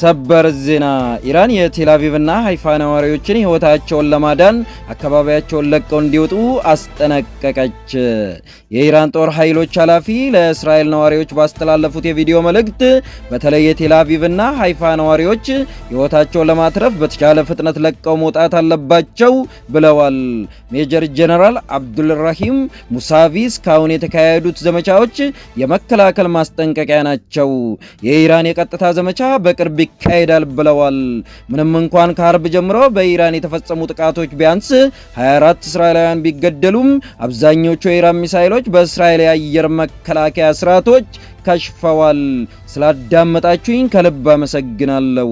ሰበር ዜና ኢራን የቴላቪቭና ሀይፋ ነዋሪዎችን ህይወታቸውን ለማዳን አካባቢያቸውን ለቀው እንዲወጡ አስጠነቀቀች። የኢራን ጦር ኃይሎች ኃላፊ ለእስራኤል ነዋሪዎች ባስተላለፉት የቪዲዮ መልእክት በተለይ የቴላቪቭና ሀይፋ ነዋሪዎች ህይወታቸውን ለማትረፍ በተቻለ ፍጥነት ለቀው መውጣት አለባቸው ብለዋል። ሜጀር ጀነራል አብዱልራሂም ሙሳቪ እስካሁን የተካሄዱት ዘመቻዎች የመከላከል ማስጠንቀቂያ ናቸው። የኢራን የቀጥታ ዘመቻ በቅርብ ይካሄዳል ብለዋል። ምንም እንኳን ከአርብ ጀምሮ በኢራን የተፈጸሙ ጥቃቶች ቢያንስ 24 እስራኤላውያን ቢገደሉም አብዛኞቹ የኢራን ሚሳይሎች በእስራኤል የአየር መከላከያ ስርዓቶች ከሽፈዋል። ስላዳመጣችሁኝ ከልብ አመሰግናለሁ።